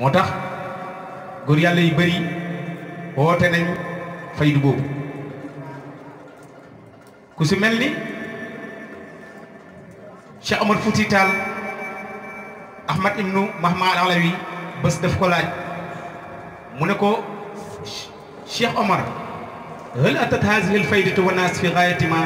moo tax góor yàlla yu bëri woote nañ faydu boobu ku si mel ni Cheikh Omar Fouti Tall Ahmad ibnu Mahmad Alawi bés daf ko laaj mu ne ko Cheikh Omar hal atat haadihi alfaydatu wa naas fi gaayati ma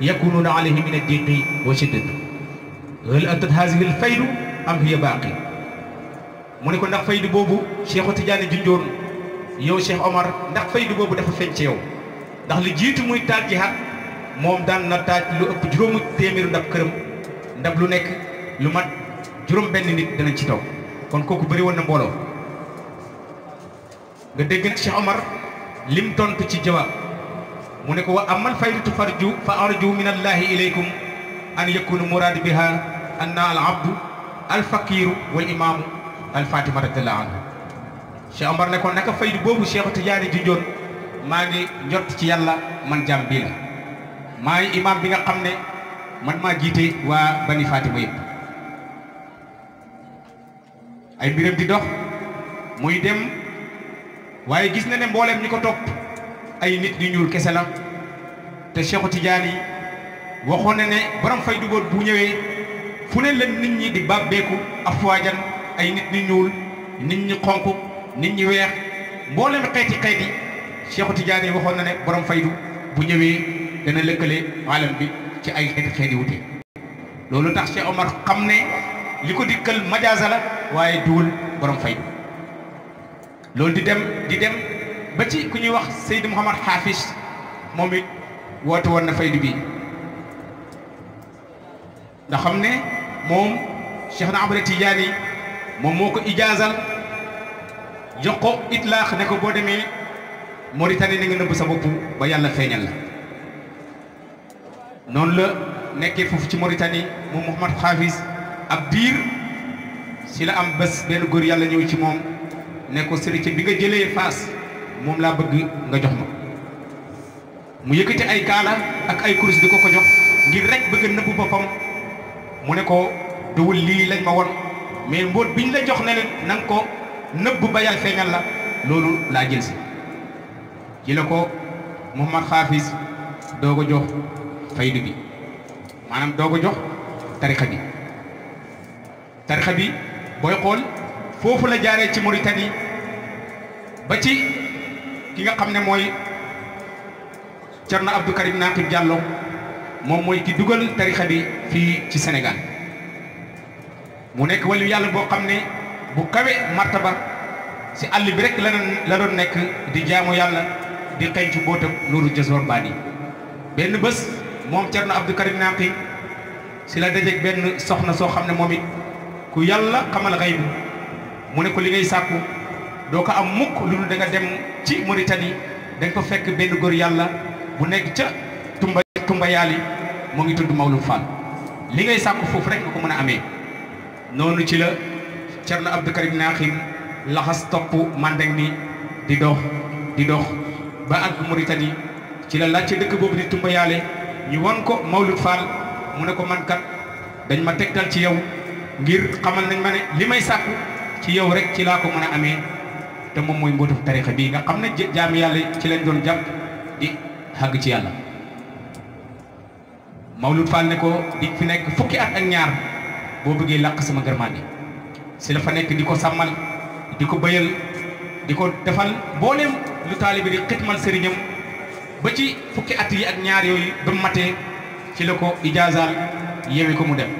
yakunuuna alayhi min addiqi wa shiddati hal atat haadihi alfaydu am hiya baaqi mu ne ko ndax faydu boobu Cheikhu Tidiane junjoon yow Cheikh Omar ndax faydu boobu dafa feeñ ci yow ndax li jiitu muy taaj moom daan na taaj lu ëpp juróomu téeméeru ndab këram ndab lu nekk lu mat juróom benn nit danañ ci taw kon kooku bëri woon na mbooloo nga dégg nag Cheikh Omar lim tontu ci jawaab mu ne ko wa amal faydatu farju fa arju min allahi ilaykum an yakunu muraad biha anna al abdu al faqiru wal imaamu alfatima radiallahu anhu Cheikh Omar ne ko naka faydu boobu Cheikh Tidiane jot maa ngi jot ci yàlla man jàmm bii la bi nga xam ne man maa jiite waa bani fatima yëpp ay mbiram di dox muy dem waaye gis na ne mbooleem ñi ko topp ay nit ñu ñuul kese la te Cheikh Tidiane yi waxoon ne ne borom faydu boobu bu ñëwee fu ne leen nit ñi di bàbbeeku afwaajan ay nit ñu ñuul nit ñi xonq nit ñi weex mboolem xeeti xeeti Cheikhu Tidiane waxoon na ne borom faydu bu ñëwee dana lëkkale alam bi ci ay xeeti xeeti wute loolu tax Cheikh Omar xam ne li ko dikkal majaasa la waaye duwul borom faydu loolu di dem di dem ba ci ku ñuy wax Seydou Mouhamad Hafiz moom it woote woon na faydu bi nga xam ne moom Cheikh na Amara Tidiane moom moo ko ijaasal jox ko itlaax ne ko boo demee Mauritanie na nga nëbb sa bopp ba yàlla feeñal la noonu la nekkee foofu ci moritani moom Mouhamad Hafiz ab diir si la am bés benn góor yàlla ñëw ci moom ne ko sëriñ bi nga jëlee Faas moom laa bëgg nga jox ma mu yëkkati ay kaala ak ay kurus di ko ko jox ngir rek bëgg nëbb boppam mu ne ko dawul lii lañ ma won mais mbóot biñ ñu la jox ne leen ko nëbb ba yàlla feeñal la loolu laa jël si ci la ko Mouhamad Xaafis doog a jox faydu bi maanaam doog jox tarixa bi tarixa bi booy xool foofu la jaaree ci Mauritanie ba ci ki nga xam ne mooy Cerno na Karim Naqib Diallo moom mooy ki dugal tarixa bi fii ci Sénégal mu nekk waliyu yàlla boo xam ne bu kawe martaba si àll bi rek la doon la nekk di jaamu yàlla di xeeñ ci bootam nuuru jasor baani benn bés moom Cerno na Karim Naqi si la dajeeg benn soxna soo xam ne moom it ku yàlla xamal xayb mu ne ko li ngay sàkku doo ko am mukk lu dul da dem ci Mauritanie da nga ko fekk benn góor yàlla bu nekk ca Tumba Tumba Yaali moo ngi tudd Mawlum Fall li ngay sàkku foofu rek nga ko mën a amee noonu ci la Cerno na Karim Naaxim laxas topp Mandeng ni di dox di dox ba ak Mauritanie ci la laajte dëkk boobu di Tumba Yaale ñu won ko Mawlud Fall mu ne ko man kat dañ ma tegtal ci yow ngir xamal nañ ma ne li may sàkku ci yow rek ci laa ko mën a amee te moom mooy mbootuf tarixa bii nga xam ne jaami yàlla ci lañ doon jàpp di xàgg ci yàlla Mawlud Fall ne ko di fi nekk fukki at ak ñaar boo bëggee làq sama gërmaande si la fa nekk di ko sàmmal di ko bëyal di ko defal mboolem lu taalibe di xitmal sëriñam ba ci fukki at yi ak ñaar yooyu ba matee ci la ko ijaazaal yewi ko mu dem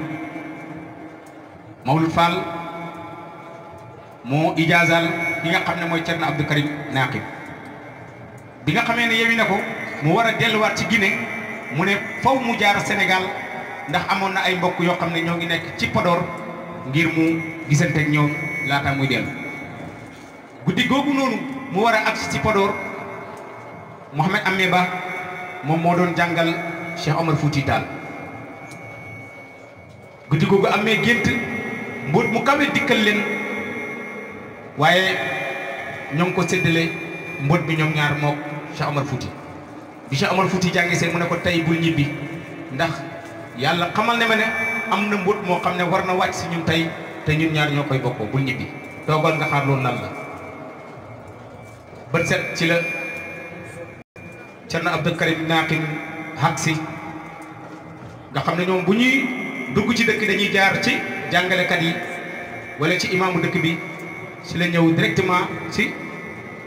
Mawlud Fall moo ijaazaal bi nga xam ne mooy Cerno Abdou Karim Naqib bi nga xamee ne yewi na ko mu war a delluwaat ci Guinée mu ne faw mu jaar Sénégal ndax amoon na ay mbokk yoo xam ne ñoo ngi nekk ci Podor ngir mu gisante ak ñoom laata muy dellu guddi googu noonu mu war a ci Podor Mouhamed Amé Ba moom moo doon jàngal Cheikh Omar Fouti Tall guddi googu amee gént mbóot mu kawe dikkal leen waaye ñoo ngi ko séddale mbóot bi ñoom ñaar mook Cheikh Omar Fouti bi Cheikh Omar Fouti jàngee seen mu ne ko tey bul ñibbi ndax yàlla xamal ne ma ne am na mbóot moo xam ne war na wàcc si ñun tey te ñun ñaar ñoo koy bokkoo bul ñibbi toogal nga xaar loolu lan la bët set ci la Cerno Abdou Karim Naqim xaq si nga xam ne ñoom bu ñuy dugg ci dëkk dañuy jaar ci jàngalekat yi wala ci imaamu dëkk bi ci la ñëw directement si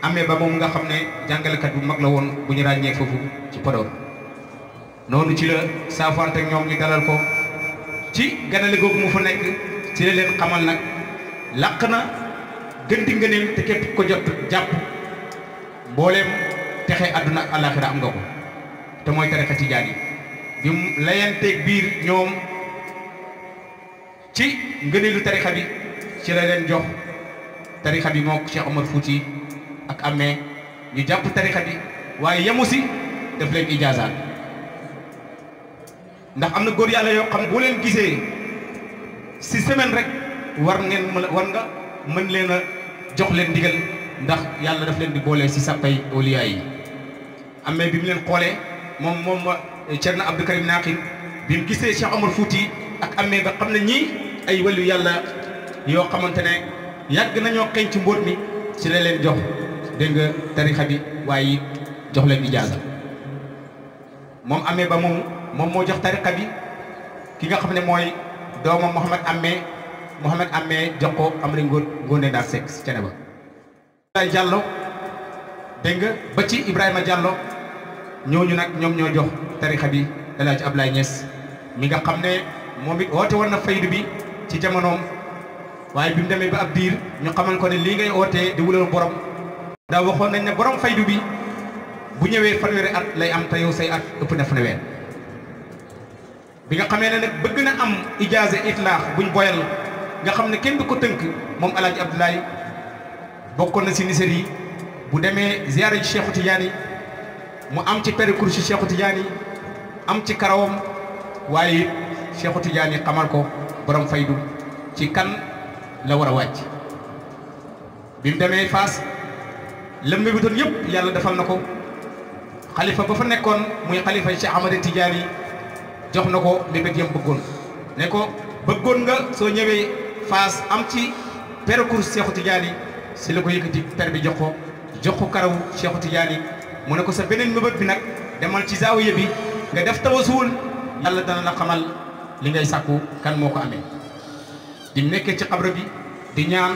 amee ba moom nga xam ne jàngalekat bu mag la woon bu ñu ràññee foofu ci Podor noonu ci la saafante ak ñoom ñu dalal ko ci ganale googu mu fa nekk ci la leen xamal nag làq na gënti ngëneel te képp ko jot jàpp mbooleem texe àdduna ak àllaaxira am nga te mooy tarixa tijaan yi bi mu layanteeg biir ñoom ci ngëneelu tarixa bi ci la leen jox tarixa bi moo Cheikh Omar Fouti ak amee ñu jàpp tarixa bi waaye yamu si daf leen ijaasaan ndax am na góor yàlla yoo xam boo leen gisee si semaine rek war ngeen mën war nga mën leen a jox leen ndigal ndax yàlla daf leen di boole si sàppay awliya yi amee bi mu leen xoolee moom moom Cerno Abdou Karim Naqin bi mu gisee Cheikh Omar Fouti ak amee ba xam ne ñii ay wallu yàlla yoo xamante ne yàgg nañoo xeeñ ci mbóot mi ci la leen jox dégg nga tarixa bi waaye jox leen ijaaza moom amee ba moom moom moo jox tariqa bi ki nga xam ne mooy doomam Mouhamed Amé Mouhamed Amé jox ko am nañ Ngoné Ndar Seck si cene ba Ibrahima dégg nga ba ci Ibrahima Diallo ñooñu nag ñoom ñoo jox tariqa bi El Hadj Abdoulaye Niass mi nga xam ne moom it oote woon na faydu bi ci jamonoom waaye bi mu demee ba ab diir ñu xamal ko ne lii ngay oote di wulal borom daa waxoon nañ ne borom faydu bi bu ñëwee fanweeri at lay am te yow say at ëpp na fanweer bi nga xamee ne nag bëgg na am ijaaza itlaax buñ boyal nga xam ne kenn du ko tënk moom alaaji Abdoulaye bokkoon na si nisër yi bu demee ziyaare ci Cheikhu Tidiane mu am ci parcours ci Cheikhu Tidiane am ci karawam waaye Cheikhu Tidiane xamal ko borom faydu ci kan la war a wàcc bi mu demee Faas lëmbe bi yëpp yàlla defal na ko xalifa ba fa nekkoon muy xalifa ci Ahmada Tidiane jox na ko mbébét yam bëggoon ne ko bëggoon nga soo ñëwee Fass am ci parcours Seexu Tijaani si la ko yëkkati per bi jox ko jox ko karaw Seexu Tijaani mu ne ko sa beneen mbébét bi nag demal ci zaawiya bi nga def tawasuul yàlla dana la xamal li ngay sàkku kan moo ko amee di nekkee ci xabra bi di ñaan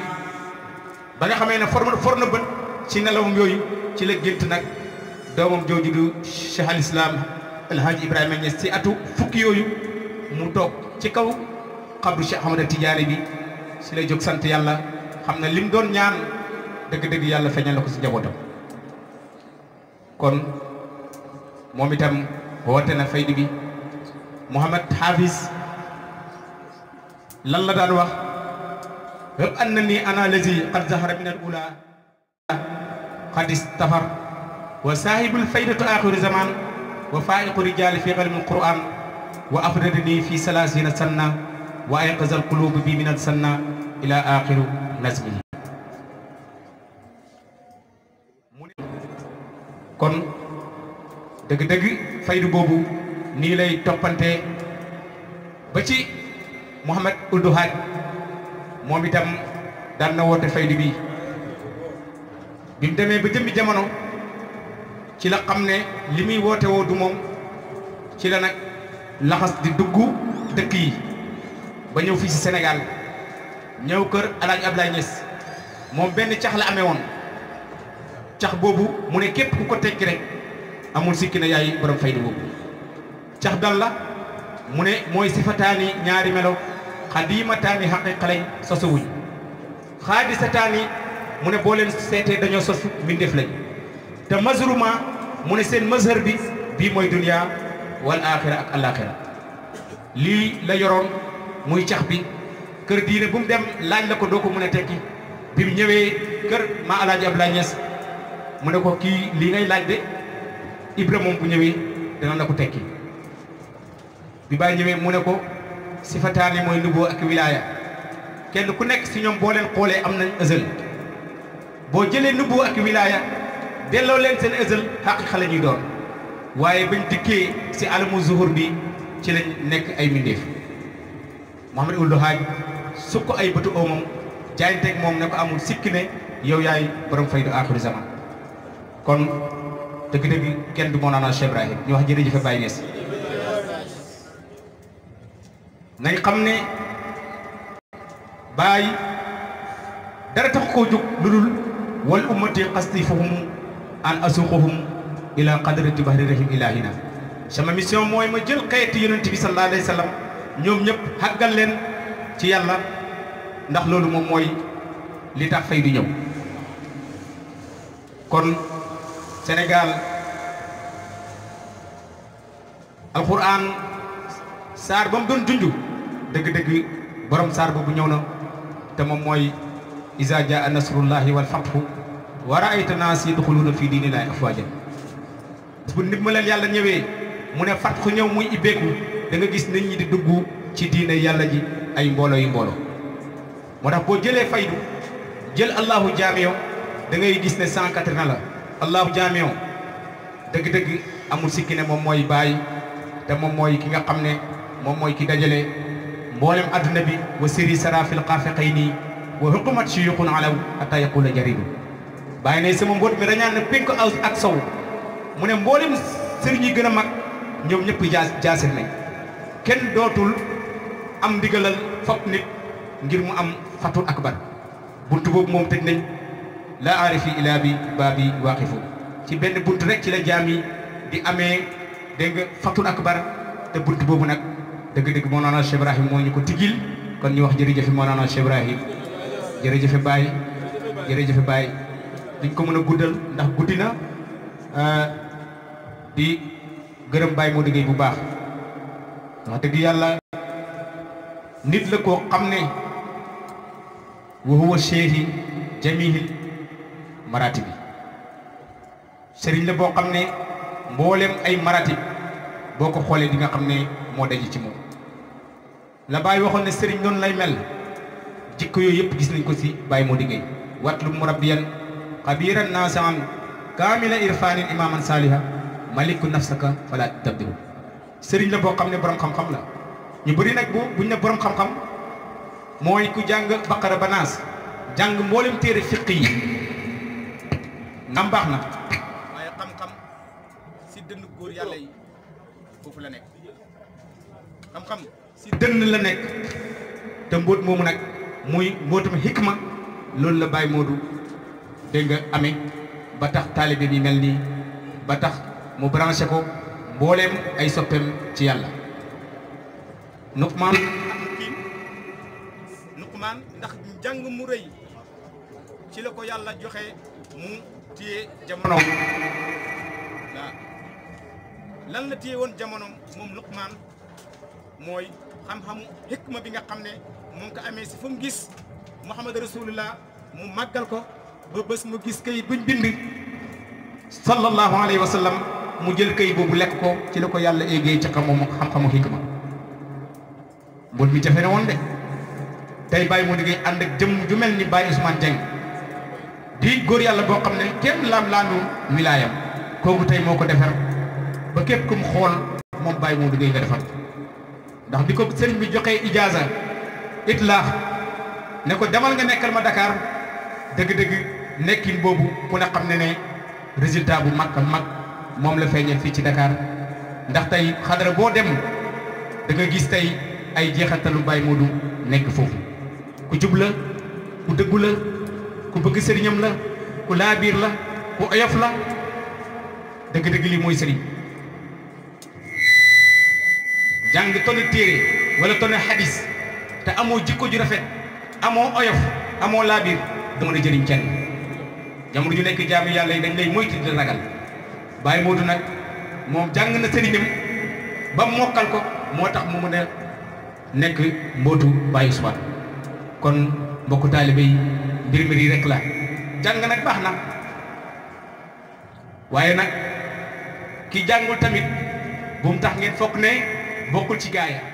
ba nga xamee ne for for na bët ci nelawam yooyu ci la gént nag doomam jooju du Cheikh al El Hadj Ibrahima Niass ci atu fukki yooyu mu toog ci kaw xabru Cheikh Ahmad Tidiane bi si la jóg sant yàlla xam na lim doon ñaan dëgg-dëgg yàlla feeñal na ko si njabootam kon moom itam woote na faydi bi Mouhamad Hafiz lan la daan wax rëb an na ni ana lazi qad zahara min ula qad istafar wa saahibul faydatu axiru zaman wa faaiqu rijaali fi ilmi alquran wa afradani fi salaasina sanna wa bii alquluub bi min alsanna ila axiru nasmihi kon dëgg-dëgg faydu boobu nii lay toppante ba ci Mouhamed Ould Hadj moom itam daan na woote faydu bi bi mu demee ba jëmmi jamono ci la xam ne li muy woote woo du moom ci la nag laxas di dugg dëkk ba ñëw fii si Sénégal ñëw kër El Hadj Abdoulaye Niass moom benn cax la amee woon cax boobu mu ne képp ku ko tekki rek amul sikki na yaay borom faydu boobu cax dal la mu ne mooy si sifataani ñaari melo xadimataani xaqiqa lañ sosuwuñ xaadisataani mu ne boo leen seetee dañoo sos mbindeef lañ te mazruma mu ne seen mazhar bi bii mooy dunia wal axira ak alaxira lii la yoroon muy cax bi kër diine bu mu dem laaj la ko doo ko mën a tekki bi mu ñëwee kër maa alaaji Abdoulaye Niass mu ne ko kii lii ngay laaj de Ibra moom bu ñëwee dana la ko tekki bi baay ñëwee mu ne ko sifataani mooy nubu ak wilaaya kenn ku nekk si ñoom boo xoolee am nañ ëzël boo jëlee nubu ak wilaaya delloo leen seen ësël xaqiqa la ñuy doon waaye bañ dikkee si alamu zuhur bi ci lañ nekk ay mindeef Muhammad Ould Hadj su ko ay bëtu oomam jaayanteeg moom ne ko amul sikki yow yaay borom faydu aaxiru zaman kon dëgg-dëgg kenn du Mawlana Cheikh Ibrahim ñu wax jërëjëf Baye Niass nañ xam ne Baye dara tax koo jóg lu dul wal ummati xasti fahum an asuuquhum ila qadrati bahrirahim ilahina sama mission mooy ma jël xeeti yonent bi sallallahu alayhi ñoom ñëpp xàggal leen ci yàlla ndax loolu moom mooy li tax fay di ñëw kon senegal alquran saar ba mu doon junj dëgg-dëgg borom saar bu ñëw na te moom mooy iza jaa nasrullahi wal fathu wa raayta naas yadxuluuna fii diinillaahi afwaajan bu nit ma leen yàlla ñëwee mu ne fat ku ñëw muy ibbeeku da nga gis nit ñi di dugg ci diine yàlla ji ay mbooloo yu mbooloo moo tax boo jëlee faydu jël allahu jaamio da ngay gis ne cent quatre la allahu jaamio dëgg-dëgg amul sikkine moom mooy baay te moom mooy ki nga xam ne moom mooy ki dajale mboolem adduna bi wa siri sarafil xaafeqay nii wa xukumat siyuqun alaw ata yaqula jaridu bàyyi ne sama mboot mi rañaan na aw ak sow mu ne mboolem sëriñ yi gën a mag ñoom ñëpp jaas jaasir nañ kenn dootul am ndigalal fop nit ngir mu am fatul akbar bunt boobu moom tëj nañ la aarifi ilaa bi baa bi waaqifu ci benn bunt rek ci la jaam yi di amee dégg nga fatul akbar te bunt boobu nag dëgg-dëgg moo Cheikh Ibrahim moo ñu ko tiggil kon ñu wax jërëjëf moo Cheikh Ibrahim jërëjëf Baye jërëjëf Baye duñ ko mën a guddal ndax guddi na euh, di gërëm bàyyi moo diggee bu baax wax dëgg yàlla nit la koo xam ne wa huwa cheikhi jamihil marati bi sëriñ la boo xam ne mboolem ay marati boo ko xoolee di nga xam ne moo daje ci moom la Baye waxoon ne sëriñ noonu lay mel jikko yooyu yëpp gis nañ ko si Baye moo liggéey wat lu mu rabbiyan xabiran naasian kaamila irfanin imaman saliha maliku nafsaka fala tabdilu sëriñ la boo xam ne borom xam-xam la ñu bëri nag bu buñ ne borom xam-xam mooy ku jàng baqara ba naas jàng mboolem téere fiq baax na waaye xam-xam si dënn góor yàlla yi foofu la nekk xam-xam si dënn la nekk te mbóot moomu nag muy mbóotum hikma loolu la bàyyi moodu dégg nga amee ba tax taalibe bi mel nii ba tax mu branché ko mbooleem ay soppeem ci yàlla Nuqmaan Nuqmaan ndax jàng mu rëy ci la ko yàlla joxe mu téye jamonoom lan la téye woon jamonoom moom Nuqmaan mooy xam-xamu hikma bi nga xam ne mu ngi ko amee si fu mu gis Muhammad Rasulullah mu màggal ko ba bés mu gis kayit buñ bind sallallahu alayhi wa sallam mu jël kayit boobu lekk ko ci la ko yàlla éggee ci xamu xam-xamu xikma mbóot mi jafe na woon de tey bàyyi moo liggéey ànd ak jëmm ju mel ni Baye Ousmane Dieng di góor yàlla boo xam ne kenn laam-laanu wilaayam kooku tey moo ko defar ba képp xool moom bàyyi moo liggéey nga defar ndax bi ko sëriñ bi joxee ijaaza itlaax ne ko demal nga nekkal ma Dakar dëgg-dëgg nekkin boobu ku ne xam ne ne résultat bu mag a mag moom la feeñal fii ci Dakar ndax tey xadara boo dem danga gis tey ay jeexantalu Baye Modou nekk foofu ku jub la ku dëggu la ku bëgg sëriñam la ku laabiir la ku oyof la dëgg-dëgg li mooy sëriñ jàng ton téere wala tonu xadis te amoo jikko ju rafet amoo oyof amoo laabiir du mën a jëriñ kenn jamono ju nekk jaamu yàlla yi dañ lay moytu di ragal Baye Modou nag moom jàng na sëriñam ba mu mokkal ko moo tax mu mën nekk mbootu Baye Ousmane kon mbokku taalibe yi mbir yi rek la jàng nag baax na waaye nag ki jàngul tamit bu mu tax ngeen foog ne bokkul ci gaaya